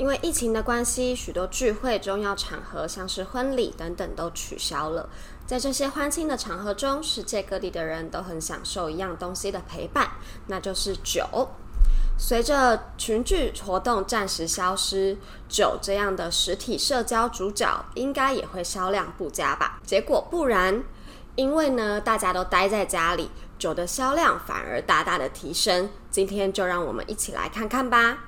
因為疫情的關係，許多聚會、重要場合，像是婚禮等等，都取消了。在這些歡慶的場合中，世界各地的人都很享受一樣東西的陪伴，那就是酒。隨着群聚活動暫時消失，酒這樣的實體社交主角應該也會銷量不佳吧？結果不然，因為呢，大家都待在家裡，酒的銷量反而大大的提升。今天就讓我們一起來看看吧。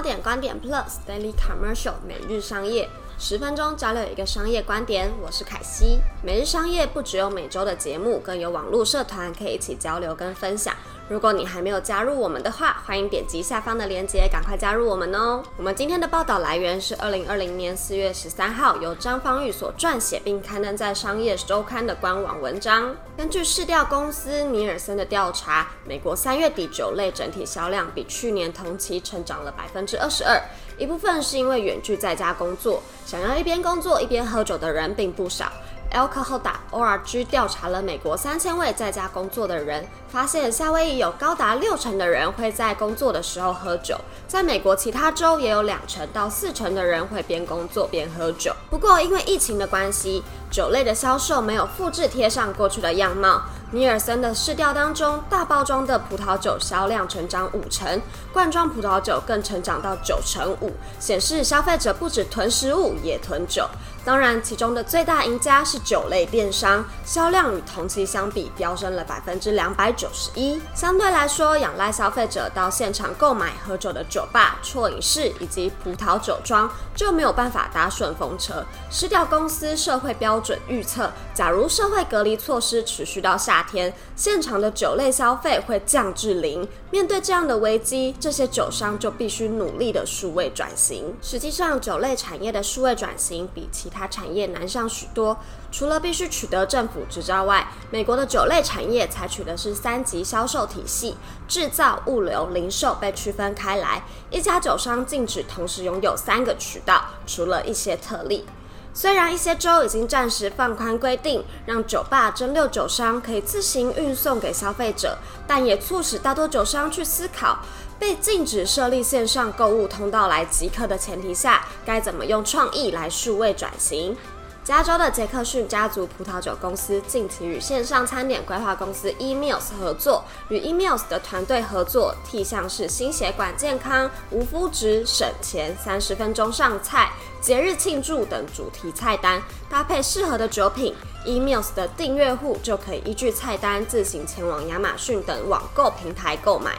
交點觀點 Plus Daily Commercial 每日商業十分鐘，交流一個商業觀點，我是凱西。每日商業不只有每周的節目，更有網絡社團可以一起交流跟分享。如果你還沒有加入我們的話，歡迎點擊下方的鏈接，趕快加入我們哦、喔。我們今天的報道來源是二零二零年四月十三號由張方毓所撰寫並刊登在《商業周刊》的官網文章。根據市調公司尼爾森的調查，美國三月底酒類整體銷量比去年同期成長了百分之二十二，一部分是因為遠距在家工作，想要一邊工作一邊喝酒的人並不少。Alcohol.org 調查了美國三千位在家工作的人，發現夏威夷有高達六成的人會在工作的時候喝酒，在美國其他州也有兩成到四成的人會邊工作邊喝酒。不過，因為疫情的關係。酒類的銷售沒有複製貼上過去的樣貌。尼爾森的市調當中，大包裝的葡萄酒銷量成長五成，罐裝葡萄酒更成長到九成五，顯示消費者不止囤食物，也囤酒。當然，其中的最大贏家是酒類電商，銷量與同期相比飆升了百分之兩百九十一。相對來說，仰賴消費者到現場購買喝酒的酒吧、啜飲室以及葡萄酒莊就沒有辦法搭順風車。市調公司社會標。準預測，假如社會隔離措施持續到夏天，現場的酒類消費會降至零。面對這樣的危機，這些酒商就必須努力的數位轉型。實際上，酒類產業的數位轉型比其他產業難上許多。除了必須取得政府執照外，美國的酒類產業採取的是三級銷售體系，制造、物流、零售被區分開來。一家酒商禁止同時擁有三個渠道，除了一些特例。雖然一些州已經暫時放寬規定，讓酒吧蒸餾酒商可以自行運送給消費者，但也促使大多酒商去思考：被禁止設立線上購物通道來集客的前提下，該怎麼用創意來數位轉型。加州的傑克遜家族葡萄酒公司近期與線上餐點規劃公司 Emails 合作，與 Emails 的團隊合作，替像是心血管健康、無麩質、省錢、三十分鐘上菜、節日慶祝等主題菜單，搭配適合的酒品。Emails 的訂閱戶就可以依據菜單自行前往亞馬遜等網購平台購買。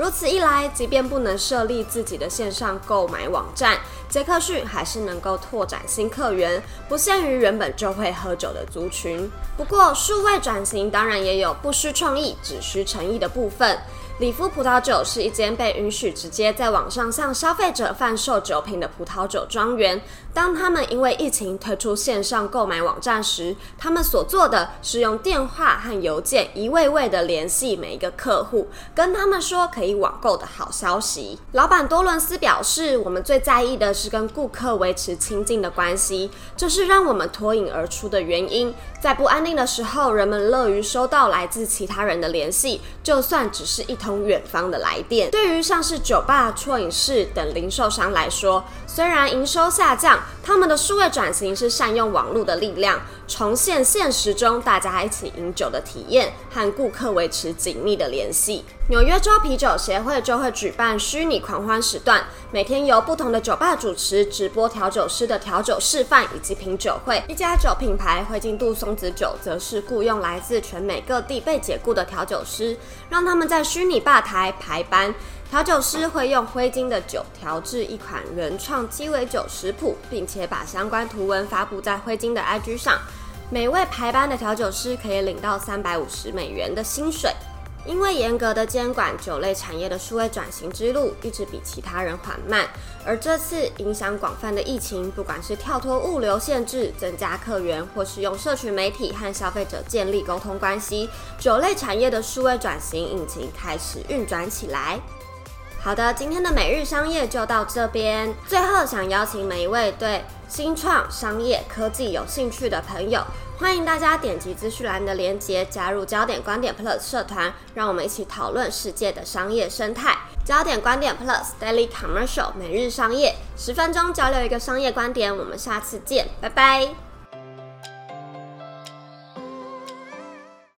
如此一來，即便不能設立自己的線上購買網站，傑克遜還是能夠拓展新客源，不限於原本就會喝酒的族群。不過，數位轉型當然也有不需創意、只需誠意的部分。里夫葡萄酒是一間被允許直接在網上向消費者販售酒品的葡萄酒莊園。當他們因為疫情推出線上購買網站時，他們所做的是用電話和郵件一位位地聯繫每一個客戶，跟他們說可以網購的好消息。老闆多倫斯表示：“我們最在意的是跟顧客維持親近的關係，這是讓我們脫穎而出的原因。在不安定的時候，人們樂於收到來自其他人的聯繫，就算只是一通。遠方的來電，對於像是酒吧、桌影室等零售商來說，雖然營收下降，他們的數位轉型是善用網絡的力量，重現現實中大家一起飲酒的體驗，和顧客維持緊密的聯繫。紐約州啤酒協會就會舉辦虛擬狂歡時段，每天由不同的酒吧主持直播調酒師的調酒示範以及品酒會。一家酒品牌灰鯨杜松子酒則是僱傭來自全美各地被解僱的調酒師，讓他們在虛擬吧台排班。調酒師會用灰鯨的酒調製一款原創雞尾酒食譜，並且把相關圖文發佈在灰鯨的 IG 上。每位排班的調酒師可以領到三百五十美元的薪水。因為嚴格的監管，酒類產業的數位轉型之路一直比其他人緩慢。而這次影響廣泛的疫情，不管是跳脫物流限制、增加客源，或是用社群媒體和消費者建立溝通關係，酒類產業的數位轉型引擎開始運轉起來。好的，今天的每日商業就到這邊。最後想邀請每一位對新創商業科技有興趣的朋友，歡迎大家點擊資訊欄的連結加入交點觀點 Plus 社團，讓我們一起討論世界的商業生態。交點觀點 Plus Daily Commercial 每日商業，十分鐘交流一個商業觀點。我們下次見，拜拜。